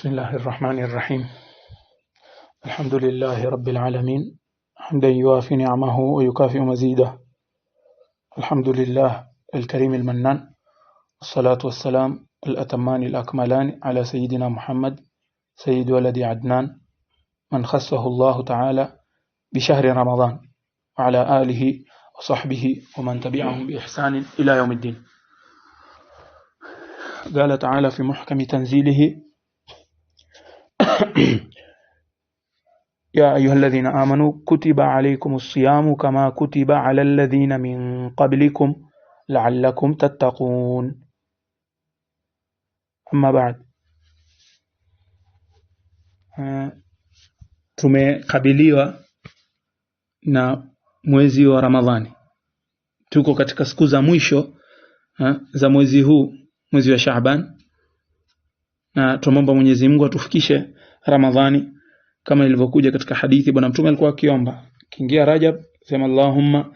بسم الله الرحمن الرحيم الحمد لله رب العالمين حمدا يوافي نعمه ويكافئ مزيده الحمد لله الكريم المنان والصلاة والسلام الأتمان الأكملان على سيدنا محمد سيد ولد عدنان من خصه الله تعالى بشهر رمضان وعلى آله وصحبه ومن تبعهم بإحسان إلى يوم الدين قال تعالى في محكم تنزيله يا أيها الذين آمنوا كتب عليكم الصيام كما كتب على الذين من قبلكم لعلكم تتقون أما بعد تمقبليوا آه، نا mwezi wa ramadhani tuko katika siku za mwisho ha, آه، za mwezi huu mwezi wa na tuombe Mwenyezi Mungu atufikishe Ramadhani kama ilivyokuja katika hadithi. Bwana Mtume alikuwa akiomba kiingia Rajab, sema Allahumma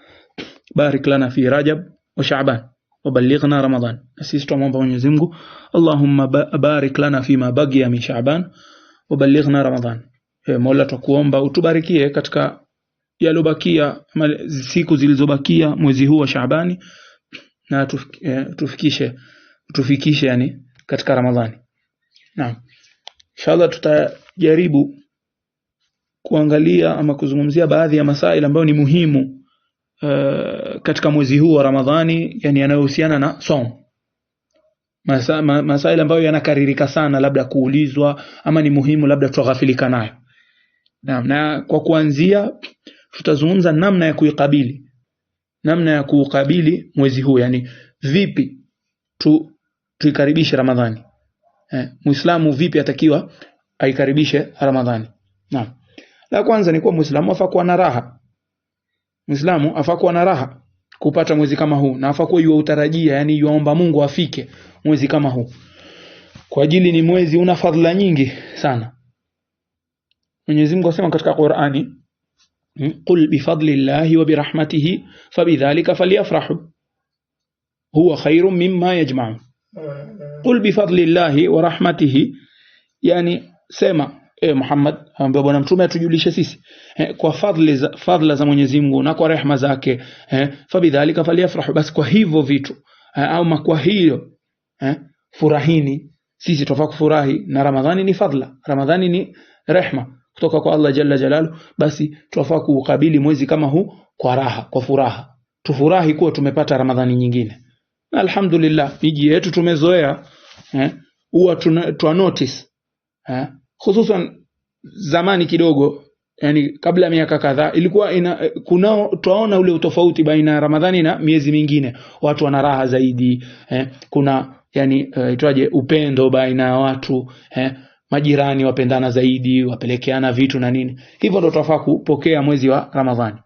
barik lana fi Rajab wa Shaaban wa balighna Ramadhan. Na sisi tuombe Mwenyezi Mungu Allahumma barik lana fi ma baqiya min Shaaban wa balighna Ramadhan. E, Mola tukuomba utubarikie katika yalobakia siku zilizobakia mwezi huu wa Shaabani na e, tufikishe tufikishe, yani katika Ramadhani na Inshallah tutajaribu kuangalia ama kuzungumzia baadhi ya masail ambayo ni muhimu uh, katika mwezi huu wa Ramadhani, yani yanayohusiana na som masail ambayo yanakaririka sana, labda kuulizwa ama ni muhimu, labda tuaghafilika nayo. na, na kwa kuanzia tutazungumza namna ya kuikabili namna ya kuukabili mwezi huu, yani vipi tu tuikaribishe Ramadhani. Eh, Muislamu vipi atakiwa aikaribishe Ramadhani? Naam. La kwanza ni kuwa Muislamu afa kuwa na raha. Muislamu afa kuwa na raha kupata mwezi kama huu na afa kuwa yua utarajia, yani yuaomba Mungu afike mwezi kama huu. Kwa ajili ni mwezi una fadhila nyingi sana. Mwenyezi Mungu asema katika Qur'ani, hmm, qul bifadlillahi wa birahmatihi fabidhalika falyafrahu huwa khairun mimma yajma'un qul bi fadli llahi wa rahmatihi, yani sema e Muhammad, ambaye bwana mtume atujulishe sisi eh, kwa fadli za, fadla za Mwenyezi Mungu na kwa rehma zake eh, fa bidhalika falyafrahu, basi kwa hivyo vitu eh, au kwa hiyo eh, furahini. Sisi tofa kufurahi na Ramadhani ni fadla, Ramadhani ni rehma kutoka kwa Allah jalla jalalu. Basi tunafaa kuukabili mwezi kama huu kwa raha, kwa furaha. Tufurahi kuwa tumepata Ramadhani nyingine. Alhamdulillah, miji yetu tumezoea eh, huwa eh, tuna, twa notice eh, hususan zamani kidogo, yani kabla miaka kadhaa ilikuwa ina, kunao twaona ule utofauti baina ya Ramadhani na miezi mingine, watu wana raha zaidi eh, kuna yani uh, itwaje upendo baina ya watu eh, majirani wapendana zaidi, wapelekeana vitu na nini. Hivyo ndo twafaa kupokea mwezi wa Ramadhani.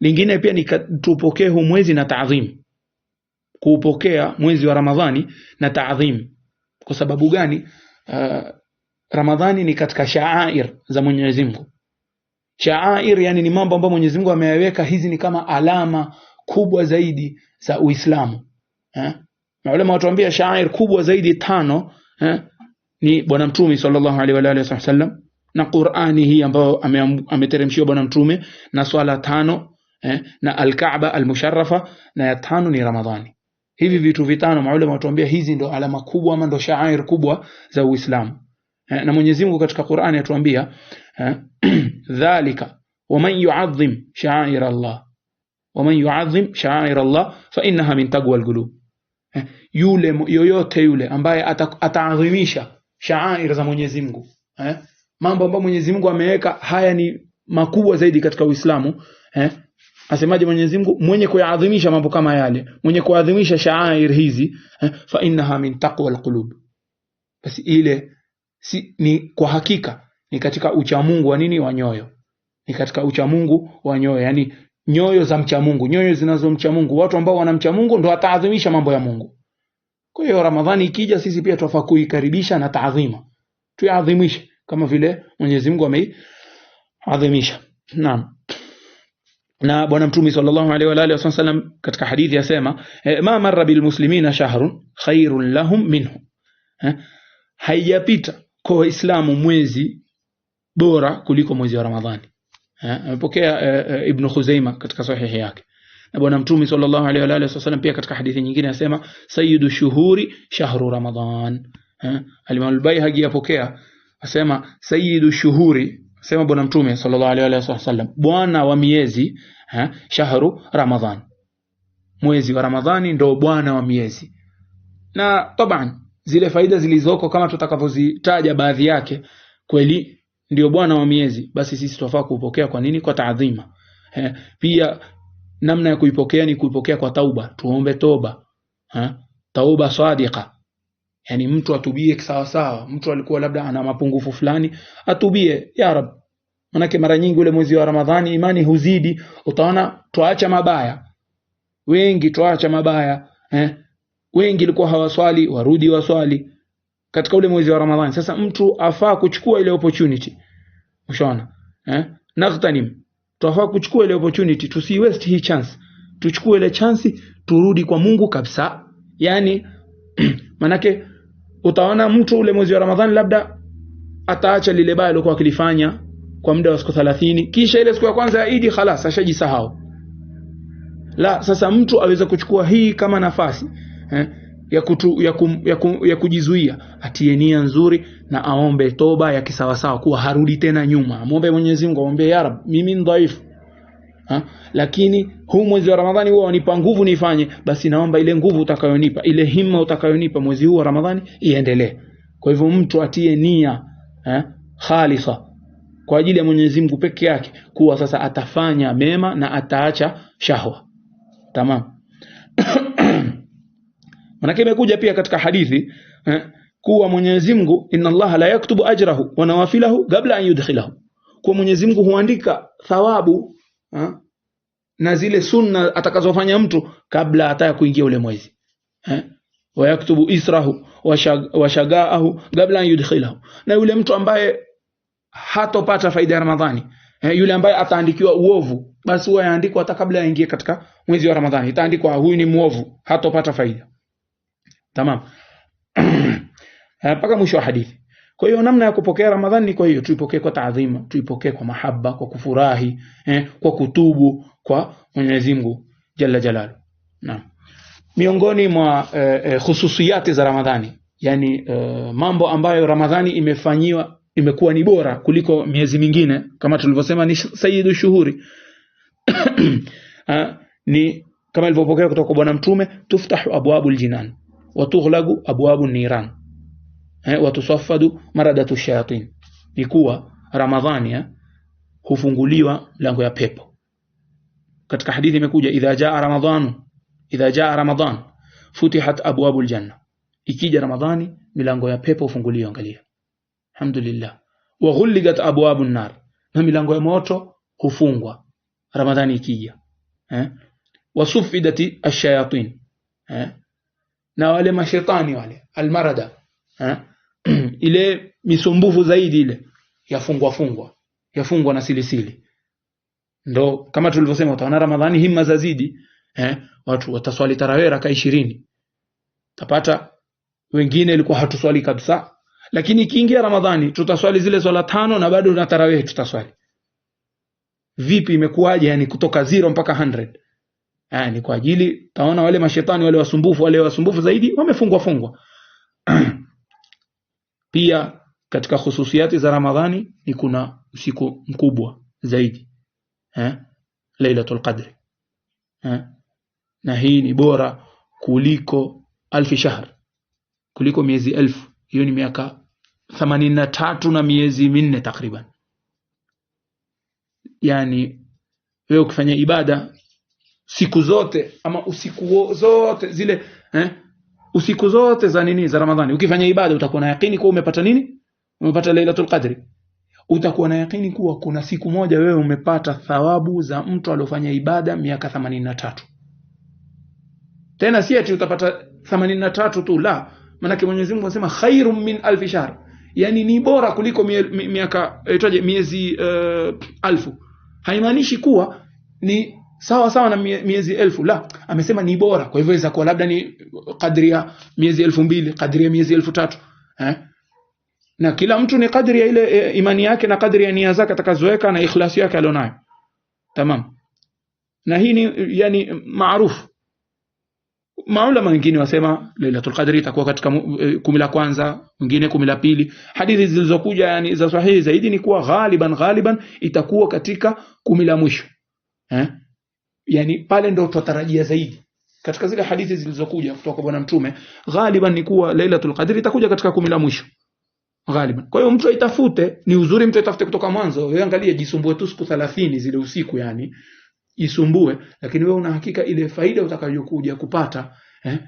Lingine pia ni tupokee huu mwezi na taadhimu kuupokea mwezi wa Ramadhani na taadhim. Kwa sababu gani? Uh, Ramadhani ni katika shaair za Mwenyezi Mungu. Shaair yani ni mambo ambayo Mwenyezi Mungu ameyaweka, hizi ni kama alama kubwa zaidi za Uislamu eh? Ah, Maulama watuambia shaair kubwa zaidi tano eh? ni Bwana Mtume sallallahu alaihi wa alihi wasallam na Qur'ani hii ambayo ameteremshiwa Bwana Mtume na swala tano eh? na Al-Kaaba al-Musharrafa na ya tano ni Ramadhani hivi vitu vitano maulama watuambia hizi ndo alama kubwa ama ndo shaair kubwa za Uislamu eh, na Mwenyezi Mungu katika Qur'ani atuambia eh, dhalika waman yu'azzim sha'air Allah waman yu'azzim sha'air Allah fa innaha min taqwa alqulub eh, yule yoyote yule ambaye ataadhimisha sha'air za Mwenyezi Mungu eh, mambo ambayo Mwenyezi Mungu ameweka haya ni makubwa zaidi katika Uislamu eh, Asemaje Mwenyezi Mungu? Mwenye kuyaadhimisha mambo kama yale, mwenye kuadhimisha shaair hizi, eh, fa innaha min taqwa alqulub, basi ile si, ni kwa hakika ni katika uchamungu wa nini? Wa nyoyo, ni katika uchamungu wa nyoyo, yani nyoyo za mcha Mungu, nyoyo zinazomcha Mungu. Watu ambao wanamcha Mungu ndo wataadhimisha mambo ya Mungu. Kwa hiyo Ramadhani ikija, sisi pia twafaa kuikaribisha na taadhima, tuyaadhimishe kama vile Mwenyezi Mungu ameiadhimisha. Naam na Bwana Mtume sallallahu alaihi wa alihi wasallam katika hadithi yasema eh, ma marra bil muslimina shahrun khairun lahum minhu eh, haijapita kwa Waislamu mwezi bora kuliko mwezi wa Ramadhani. Eh, amepokea eh, eh, Ibn Khuzaima katika sahihi yake na Bwana Mtume sallallahu alaihi wa alihi wasallam pia katika hadithi nyingine asema sayyidu shuhuri shahru Ramadhan. Eh, Al-Imam al-Baihaqi yapokea asema sayyidu shuhuri Sema Bwana Mtume sallallahu alaihi bwana wa miezi ha, shahru Ramadhan, mwezi wa Ramadhani ndo bwana wa miezi. Na taban zile faida zilizoko kama tutakavyozitaja baadhi yake, kweli ndio bwana wa miezi, basi sisi twafaa kuupokea. Kwa nini? Kwa taadhima. pia namna ya kuipokea ni kuipokea kwa tauba, tuombe toba ha, tauba sadika yani mtu atubie sawa sawa. Mtu alikuwa labda ana mapungufu fulani, atubie ya Rab, manake mara nyingi ule mwezi wa Ramadhani imani huzidi. Utaona twaacha mabaya wengi, twaacha mabaya eh? Wengi walikuwa hawaswali, warudi waswali katika ule mwezi wa Ramadhani. Sasa mtu afaa kuchukua ile opportunity, ushaona eh? Naghtanim, tuafaa kuchukua ile opportunity, tusi waste hii chance, tuchukue ile chance turudi kwa Mungu kabisa, yani manake utaona mtu ule mwezi wa Ramadhani labda ataacha lile baya alikuwa akilifanya kwa muda wa siku 30, kisha ile siku ya kwanza ya Idi khalas ashajisahau. La, sasa mtu aweza kuchukua hii kama nafasi eh, ya, kutu, ya, kum, ya, kum, ya kujizuia, atie nia nzuri na aombe toba ya kisawasawa, kuwa harudi tena nyuma. Amwombe Mwenyezi Mungu, amwombe ya Rab, mimi dhaifu ha? Lakini huu mwezi wa Ramadhani huwa wanipa nguvu nifanye, basi naomba ile nguvu utakayonipa, ile himma utakayonipa mwezi huu wa Ramadhani iendelee. Kwa hivyo mtu atie nia ha? khalisa kwa ajili ya Mwenyezi Mungu peke yake, kuwa sasa atafanya mema na ataacha shahwa. Tamam. Manake imekuja pia katika hadithi eh, kuwa Mwenyezi Mungu inna Allaha la yaktubu ajrahu wa nawafilahu qabla an yudkhilahu, kwa Mwenyezi Mungu huandika thawabu ha? na zile sunna atakazofanya mtu kabla hata ya kuingia ule mwezi ha? wayaktubu israhu washagaahu kabla an yudkhilahu, na yule mtu ambaye hatopata faida ya Ramadhani eh, yule ambaye ataandikiwa uovu, basi huwa yaandikwa hata kabla yaingie katika mwezi wa Ramadhani, itaandikwa huyu ni muovu, hatopata faida. Tamam, mpaka mwisho wa hadithi. Kwa hiyo namna ya kupokea Ramadhani ni kwa hiyo, tuipokee kwa taadhima, tuipokee kwa mahaba, kwa kufurahi eh, kwa kutubu kwa Mwenyezi Mungu jalla jalalu. Naam, miongoni mwa eh, eh, hususiyati za Ramadhani yani eh, mambo ambayo Ramadhani imefanyiwa imekuwa ni bora kuliko miezi mingine, kama tulivyosema ni sayyidu shuhuri ah, ni kama ilivyopokea kutoka kwa Bwana Mtume, tuftahu abwabul jinan wa tughlaqu abwabun niran watusafadu maradatu shayatin, ni kuwa Ramadhani hufunguliwa lango ya pepo. Katika hadithi imekuja idha jaa ramadhanu idha jaa ramadhan futihat abwabul janna, ikija Ramadhani milango ya pepo hufunguliwa. Angalia, alhamdulillah. Wa ghulligat abwabun nar, na milango ya moto hufungwa Ramadhani ikija eh? Wasufidati ashayatin eh? na wale mashetani wale almarada eh? ile misumbufu zaidi ile yafungwa fungwa yafungwa na silisili. Ndo kama tulivyosema, utaona Ramadhani himma za zidi eh, watu wataswali tarawih raka ishirini tapata wengine ilikuwa hatuswali kabisa, lakini ikiingia Ramadhani tutaswali zile swala tano na bado na tarawih tutaswali. Vipi, imekuwaje? Yani kutoka zero mpaka 100 yani, eh, kwa ajili taona wale mashetani wale wasumbufu wale wasumbufu zaidi wamefungwa fungwa Pia katika khususiati za Ramadhani ni kuna usiku mkubwa zaidi eh, Lailatul Qadri eh, na hii ni bora kuliko alfi shahr, kuliko miezi elfu. Hiyo ni miaka themanini na tatu na miezi minne takriban. Yani wewe ukifanya ibada siku zote ama usiku zote zile eh, usiku zote za nini za Ramadhani ukifanya ibada utakuwa na yakini kuwa umepata nini? Umepata Lailatul Qadri. Utakuwa na yakini kuwa kuna siku moja wewe umepata thawabu za mtu aliofanya ibada miaka 83. Tena si ati utapata 83 tu, la, maanake Mwenyezi Mungu anasema khairum min alfi shahr, yani ni bora kuliko miaka eh, itwaje miezi uh, alfu. Haimaanishi kuwa ni sawa sawa na miezi elfu la amesema ni bora kwa hivyo inaweza kuwa labda ni kadri ya miezi elfu mbili kadri ya miezi elfu tatu eh? na kila mtu ni kadri ya ile e, imani yake na kadri ya nia zake atakazoweka na ikhlasi yake alionayo tamam na hii ni yani maarufu maulama wengine wasema lailatul qadri itakuwa katika eh, kumi la kwanza wengine kumi la pili hadithi zilizokuja yani za sahihi zaidi ni kuwa ghaliban ghaliban itakuwa katika kumi la mwisho eh? yani pale ndo tutatarajia zaidi katika zile hadithi zilizokuja kutoka kwa bwana mtume ghaliban ni kuwa lailatul qadr itakuja katika kumi la mwisho ghaliban kwa hiyo mtu aitafute ni uzuri mtu aitafute kutoka mwanzo wewe angalia jisumbue tu siku 30 zile usiku yani isumbue lakini wewe una hakika ile faida utakayokuja kupata eh?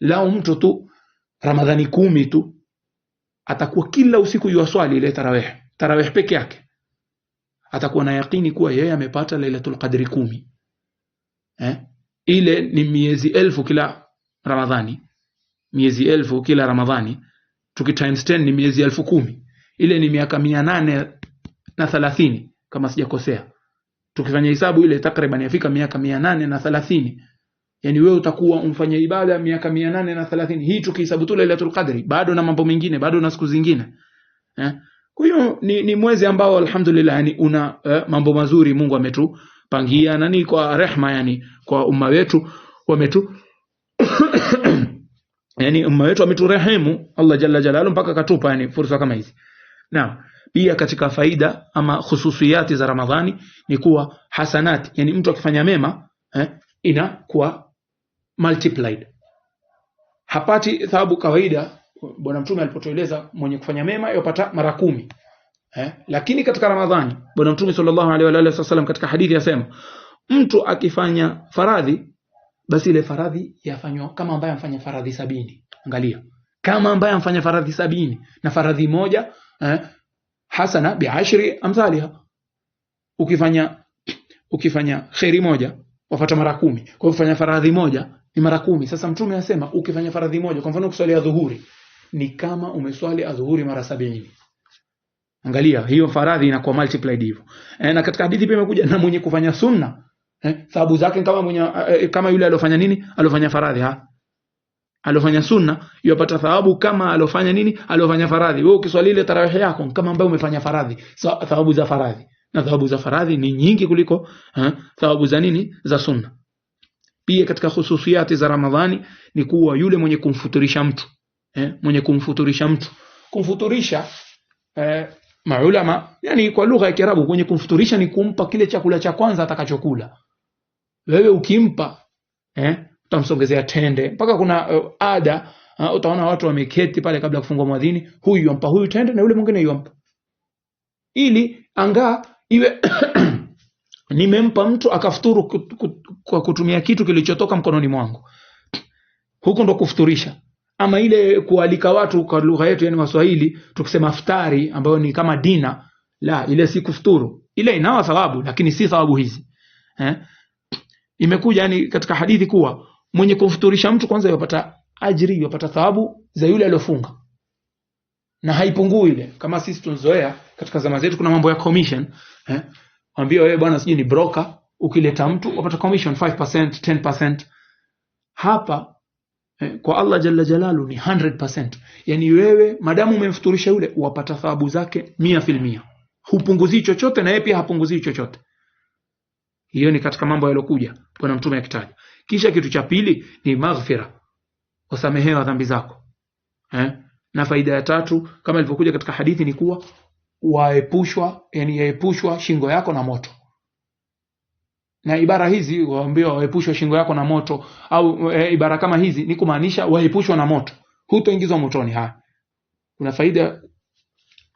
lao mtu tu ramadhani kumi tu atakuwa kila usiku yuaswali ile tarawih tarawih peke yake atakuwa na yakini kuwa yeye amepata lailatul qadri kumi eh, ile ni miezi elfu kila Ramadhani, miezi elfu kila Ramadhani tuki times 10 ni miezi elfu kumi ile ni miaka mia nane na thalathini kama sijakosea. Tukifanya hisabu ile takriban yafika miaka mia nane na thalathini yani wewe utakuwa umfanye ibada miaka mia nane na thalathini hii tukihisabu tu Lailatul Qadri, bado na mambo mengine, bado na siku zingine eh. Kwa hiyo ni, ni mwezi ambao alhamdulillah yani una eh, mambo mazuri Mungu ametu pangia nani kwa rehma yani kwa umma wetu wametu yani umma wetu ameturehemu Allah jalla jalalu mpaka katupa yani fursa kama hizi. Naam. Pia katika faida ama khususiyati za Ramadhani ni kuwa hasanati, yani mtu akifanya mema eh, inakuwa multiplied. Hapati thawabu kawaida. Bwana Mtume alipotueleza mwenye kufanya mema yopata mara kumi eh? Lakini katika Ramadhani Bwana Mtume sallallahu alaihi wa alihi wasallam katika hadithi yasema mtu akifanya faradhi basi ile faradhi yafanywa kama ambaye amfanya faradhi sabini. Angalia, kama ambaye amfanya faradhi sabini na faradhi moja eh, hasana bi ashri amthaliha. Ukifanya ukifanya khairi moja wafata mara kumi. Kwa hiyo ukifanya faradhi moja ni mara kumi. Sasa Mtume asema ukifanya faradhi moja, kwa mfano kuswalia dhuhuri ni kama umeswali adhuhuri mara sabini. Angalia hiyo faradhi inakuwa multiplied hivyo. E, na katika hadithi pia imekuja na mwenye kufanya sunna eh, sababu zake kama mwenye eh, eh kama yule alofanya nini? Alofanya faradhi ha. Alofanya sunna yupata thawabu kama alofanya nini? Alofanya faradhi. Wewe ukiswali ile tarawih yako kama ambaye umefanya faradhi. So, thawabu za faradhi. Na thawabu za faradhi ni nyingi kuliko ha, eh, thawabu za nini? Za sunna. Pia katika hususiati za Ramadhani ni kuwa yule mwenye kumfuturisha mtu eh, mwenye kumfuturisha mtu kumfuturisha eh, maulama, yani kwa lugha ya Kiarabu kwenye kumfuturisha ni kumpa kile chakula cha kwanza atakachokula. Wewe ukimpa eh, utamsongezea tende mpaka kuna uh, ada uh, utaona watu wameketi pale kabla kufungua mwadhini, huyu yampa huyu tende na yule mwingine yampa, ili anga iwe nimempa mtu akafuturu kwa kutumia kitu kilichotoka mkononi mwangu. Huko ndo kufuturisha ama ile kualika watu kwa lugha yetu yani Waswahili tukisema iftari ambayo ni kama dina, la ile si kufuturu, ile inawa thawabu lakini si thawabu hizi eh. Imekuja yani katika hadithi kuwa mwenye kumfuturisha mtu kwanza yapata ajri yapata thawabu za yule aliyofunga, na haipungui ile. Kama sisi tunzoea katika zama zetu, kuna mambo ya commission eh, mwambie wewe bwana, sijui ni broker, ukileta mtu wapata commission 5%, 10%. Hapa Eh, kwa Allah jalla jalalu ni 100%. Yani wewe madamu umemfuturisha yule wapata thawabu zake mia mia, hupunguzii chochote na yeye pia hapunguzii chochote. Hiyo ni katika mambo yaliokuja bwana mtume akitaja. Kisha kitu cha pili ni maghfira, usamehewa dhambi zako eh? na faida ya tatu kama ilivyokuja katika hadithi ni kuwa waepushwa, yani yaepushwa shingo yako na moto na ibara hizi waambiwa waepushwe shingo yako na moto au e, ibara kama hizi ni kumaanisha waepushwe na moto, hutoingizwa motoni. Haya, kuna faida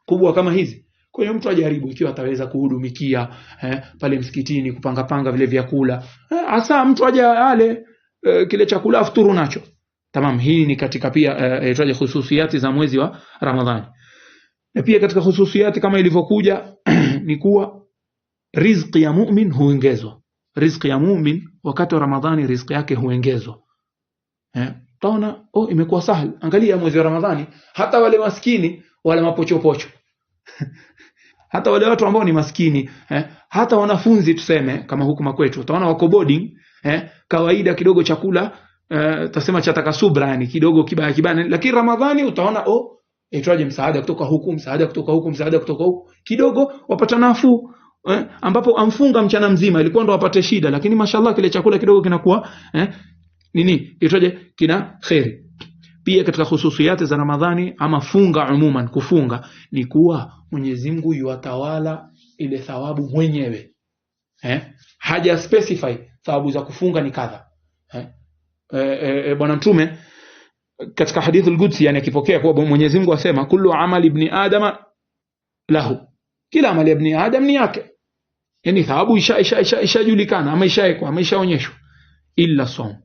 kubwa kama hizi. Kwa hiyo mtu ajaribu, ikiwa ataweza kuhudumikia eh, pale msikitini, kupanga panga vile vyakula e, hasa eh, mtu aje ale eh, kile chakula afuturu nacho tamam. Hii ni katika pia eh, taja hususiati za mwezi wa Ramadhani, na pia katika hususiati kama ilivyokuja ni kuwa rizqi ya mumin huongezwa riziki ya mumin wakati wa Ramadhani riziki yake huongezwa eh, taona oh, imekuwa sahali. Angalia mwezi wa Ramadhani, hata wale maskini wale mapochopocho hata wale watu ambao ni maskini eh, hata wanafunzi tuseme, kama huku makwetu utaona wako boarding eh, kawaida kidogo chakula eh, tasema cha takasubra, yani kidogo kibaya kibana lakini Ramadhani utaona oh, itwaje msaada kutoka huku, msaada kutoka huku, msaada kutoka huku, kidogo wapata nafuu eh, ambapo amfunga mchana mzima, ilikuwa ndo apate shida, lakini mashallah kile chakula kidogo kinakuwa eh, nini itoje, kina kheri. Pia katika hususiati za Ramadhani ama funga umuman, kufunga ni kuwa Mwenyezi Mungu yuwatawala ile thawabu mwenyewe eh, haja specify thawabu za kufunga ni kadha eh, eh, eh, eh Bwana Mtume katika hadithul Qudsi, yani akipokea kuwa Mwenyezi Mungu asema kullu amali ibni adama lahu kila amali ya bni adam ni yake, yani thawabu ishajulikana isha, isha, isha ama ishawekwa ama ishaonyeshwa, illa saum,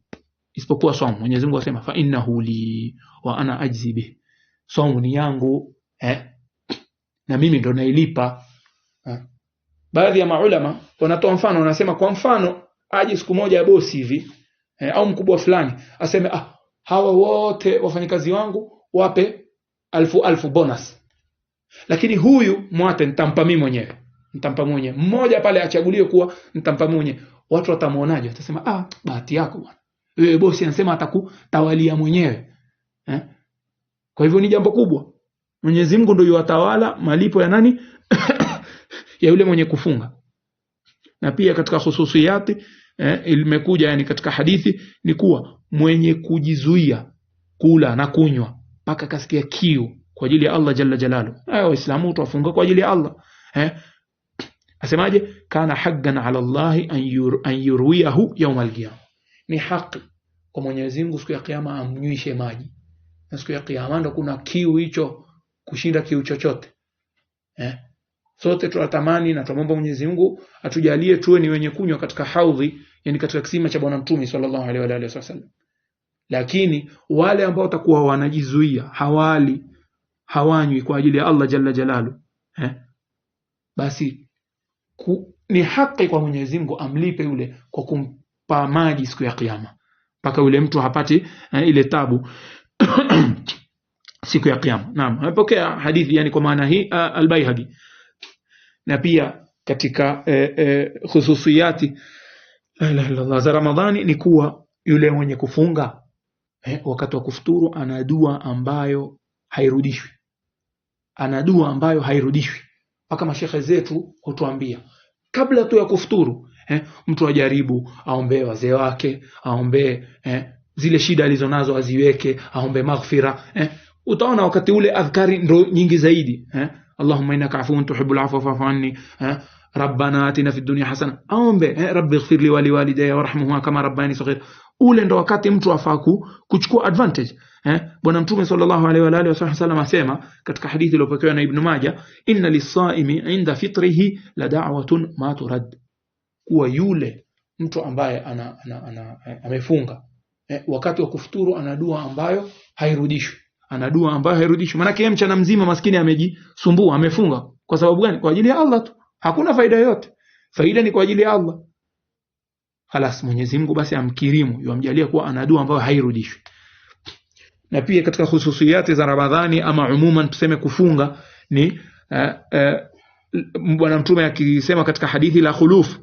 isipokuwa saum. Mwenyezi Mungu asema fa innahu li wa ana ajzi bih, saum ni yangu eh, na mimi ndo nailipa eh. Baadhi ya maulama wanatoa mfano, wanasema kwa mfano aje siku moja ya bosi hivi eh, au mkubwa fulani aseme ah, hawa wote wafanyakazi wangu wape alfu alfu bonus lakini huyu mwate nitampa mimi mwenyewe, nitampa mwenyewe. Mmoja pale achaguliwe kuwa nitampa mwenyewe. Watu watamuonaje? Watasema ah, bahati yako bwana, wewe bosi anasema atakutawalia mwenyewe eh? Kwa hivyo ni jambo kubwa. Mwenyezi Mungu ndio yuwatawala malipo ya nani? ya yule mwenye kufunga. Na pia katika hususiyati eh, ilimekuja yani katika hadithi ni kuwa mwenye kujizuia kula na kunywa mpaka kasikia kiu kwa ajili ya Allah jalla jalalu. Haya Waislamu twafunga kwa ajili ya Allah eh? Asemaje? kana haqqan ala Allah an yur, an yurwiyahu yawm al-qiyama, ni haki kwa Mwenyezi Mungu siku ya kiyama amnyweshe maji. Na siku ya kiyama ndo kuna kiu hicho kushinda kiu chochote eh? Sote tunatamani na tunaomba Mwenyezi Mungu atujalie tuwe ni wenye kunywa katika haudhi, yani katika kisima cha Bwana Mtume sallallahu alaihi wa alihi wasallam, lakini wale ambao watakuwa wanajizuia hawali hawanywi kwa ajili ya Allah jalla jalalu eh? Basi ku, ni haki kwa Mwenyezi Mungu amlipe yule kwa kumpa maji siku ya Kiyama mpaka yule mtu hapati eh, ile tabu siku ya Kiyama. Naam, amepokea hadithi yani kwa maana hii ah, Albaihaqi na pia katika eh, eh, hususiyati la ilaha illallah za Ramadhani ni kuwa yule mwenye kufunga eh, wakati wa kufuturu ana dua ambayo hairudishwi, ana dua ambayo hairudishwi. Mpaka mashehe zetu hutuambia kabla tu ya kufuturu eh, mtu ajaribu aombee wazee wake, aombee eh, zile shida alizonazo aziweke, aombe maghfira eh. Utaona wakati ule adhkari ndo nyingi zaidi eh. Allahumma innaka afuwun tuhibbul afwa fa'fu anni rabbana atina fid dunya hasana, aombe rabbi ighfir li wa liwalidayya warhamhuma kama rabbayani Ule ndo wakati mtu afaa kuchukua advantage eh. Bwana Mtume sallallahu alaihi wa alihi wasallam asema katika hadithi iliyopokewa na Ibn Majah, inna lis inda fitrihi la da'watun ma turad, kuwa yule mtu ambaye ana, ana, ana, ana, eh, amefunga eh, wakati wa kufuturu ana dua ambayo hairudishwi ana dua ambayo hairudishwi. Maana yake mchana mzima maskini amejisumbua, amefunga kwa sababu gani? Kwa ajili ya Allah tu, hakuna faida yoyote. Faida ni kwa ajili ya Allah. Halas, Mwenyezi Mungu basi amkirimu, yamjalia kuwa ana dua ambayo hairudishwi. Na pia katika hususiyati za Ramadhani ama umuman tuseme kufunga ni eh, eh, Bwana Mtume akisema katika hadithi la khuluf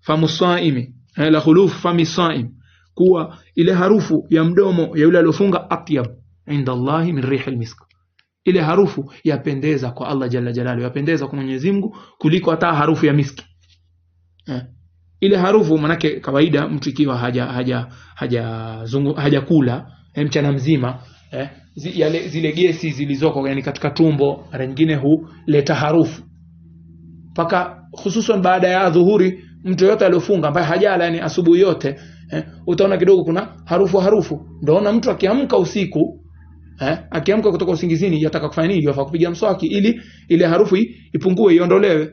famu saimi eh, la khuluf fami saim, kuwa ile harufu ya mdomo ya yule aliyofunga atyab inda Allahi min rihil misk, ile harufu yapendeza kwa Allah jalla jalalu, yapendeza kwa Mwenyezi Mungu kuliko hata harufu ya miski eh. Ile harufu manake, kawaida mtu ikiwa haja haja hajakula haja, haja eh, mchana mzima eh, zi, yale, zile gesi zilizoko yani katika tumbo mara nyingine huleta harufu mpaka hususan baada ya dhuhuri. Mtu yote aliyofunga ambaye hajala yani asubuhi yote eh, utaona kidogo kuna harufu harufu. Ndio ona mtu akiamka usiku Eh, akiamka kutoka usingizini yataka kufanya nini? Yafaa kupiga mswaki ili ile harufu ipungue iondolewe.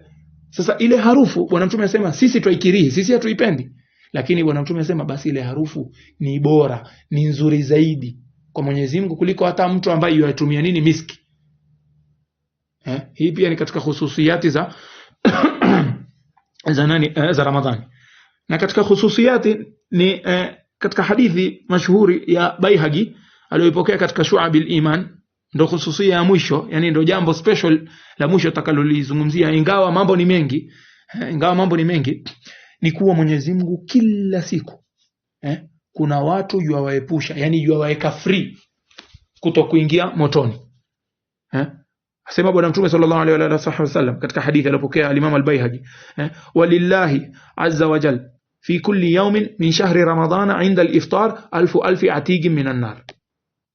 Sasa ile harufu Bwana Mtume anasema sisi tuikirii, sisi hatuipendi. Lakini Bwana Mtume anasema basi ile harufu ni bora, ni nzuri zaidi kwa Mwenyezi Mungu kuliko hata mtu ambaye yatumia nini miski. Eh, hii pia ni katika hususiati za za nani eh, za Ramadhani. Na katika hususiati ni eh, katika hadithi mashuhuri ya Baihaqi aliyoipokea katika shuabil iman ndo hususia ya mwisho, yani ndo jambo special la mwisho takalolizungumzia, ingawa mambo ni mengi eh, ingawa mambo ni mengi, ni kuwa Mwenyezi Mungu kila siku eh, kuna watu jua yani jua free kuto kuingia motoni eh? Asema Bwana Mtume sallallahu alaihi wa alihi wasallam katika hadithi aliyopokea al al-Baihaqi eh? walillahi azza wa jal fi kulli yawmin min shahri ramadana inda al-iftar alfu alfi atigin min nar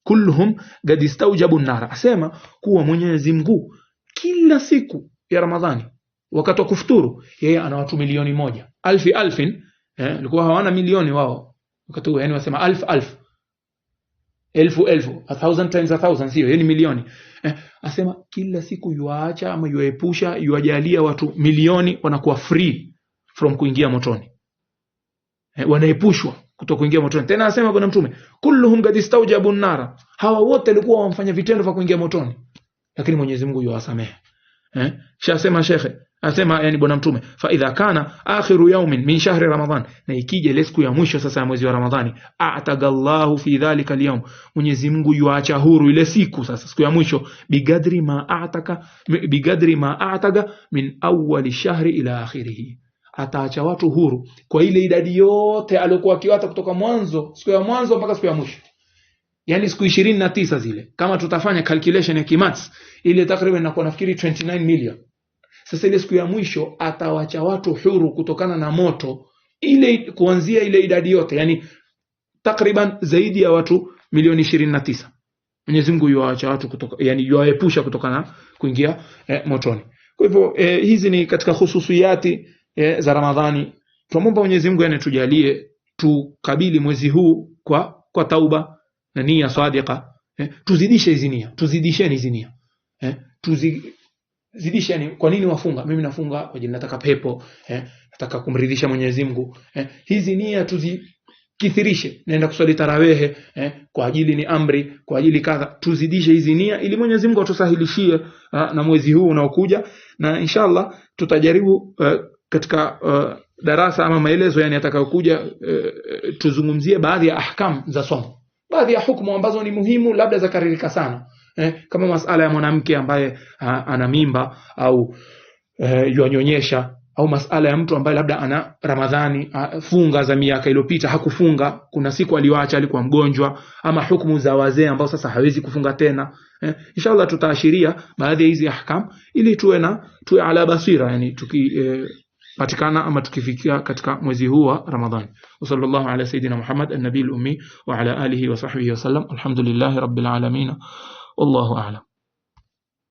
kulhum gad istawjabu nara, asema kuwa Mwenyezi Mungu kila siku ya Ramadhani wakati wa kufuturu yeye ana watu milioni moja alfi alfin, eh, walikuwa hawana milioni wao wakati huo, yani wasema alf alf, elfu elfu, a thousand times a thousand, sio ni milioni eh, asema kila siku yuwaacha ama yuepusha yuajalia watu milioni wanakuwa free from kuingia motoni eh, wanaepushwa kutokuingia motoni. Tena anasema bwana mtume, kulluhum qad istawjabu nnara hawa wote walikuwa wamfanya vitendo vya kuingia motoni, lakini Mwenyezi Mungu yuwasamehe. Eh, shasema shekhe Anasema yani bwana mtume, fa idha kana akhiru yaumin min shahri Ramadhan, na ikija ile siku ya mwisho sasa ya mwezi wa Ramadhani, atagallahu fi dhalika alyawm, Mwenyezi Mungu yuacha huru ile siku sasa, siku ya mwisho, bigadri ma ataka bigadri ma ataga min awwali shahri ila akhirih, ataacha watu huru kwa ile idadi yote aliyokuwa akiwata kutoka mwanzo siku ya mwanzo mpaka siku ya mwisho yani siku ishirini na tisa zile kama tutafanya calculation ya kimats ile takriban nakuwa nafikiri 29 million sasa ile siku ya mwisho atawacha watu huru kutokana na moto ile kuanzia ile idadi yote yani takriban zaidi ya watu milioni 29 Mwenyezi Mungu yuwaacha watu kutoka yani yuwaepusha kutokana kuingia eh, motoni kwa hivyo eh, hizi ni katika hususiyati e, za Ramadhani. Tuombe Mwenyezi Mungu yani tujalie tukabili mwezi huu kwa kwa tauba na nia sadika. Eh, tuzidishe hizi nia, tuzidisheni hizi nia. Eh, tuzidishe yani, kwa nini wafunga? Mimi nafunga kwa ajili nataka pepo, eh, nataka kumridhisha Mwenyezi Mungu. Eh, hizi nia tuzi kithirishe Naenda kuswali tarawehe, eh, kwa ajili ni amri, kwa ajili kadha. Tuzidishe hizi nia ili Mwenyezi Mungu atusahilishie na mwezi huu unaokuja na inshallah tutajaribu eh, katika uh, darasa ama maelezo yani atakayokuja, uh, uh, tuzungumzie baadhi ya ahkam za somo, baadhi ya hukumu ambazo ni muhimu, labda zakaririka sana eh, kama masala ya mwanamke ambaye uh, ana mimba au uh, yuanyonyesha au masala ya mtu ambaye labda ana Ramadhani uh, funga za miaka iliyopita hakufunga, kuna siku aliyoacha, alikuwa mgonjwa, ama hukumu za wazee ambao sasa hawezi kufunga tena. Eh, inshallah tutaashiria baadhi ya hizi ahkam ili tuwe na tuwe ala basira, yani tuki eh, patikana ama tukifikia katika mwezi huu wa Ramadhani. Wasallallahu ala sayidina Muhammad an nabiyil ummi wa ala alihi wa sahbihi wasallam. Alhamdulillahi rabbil alamin. Wallahu a'lam.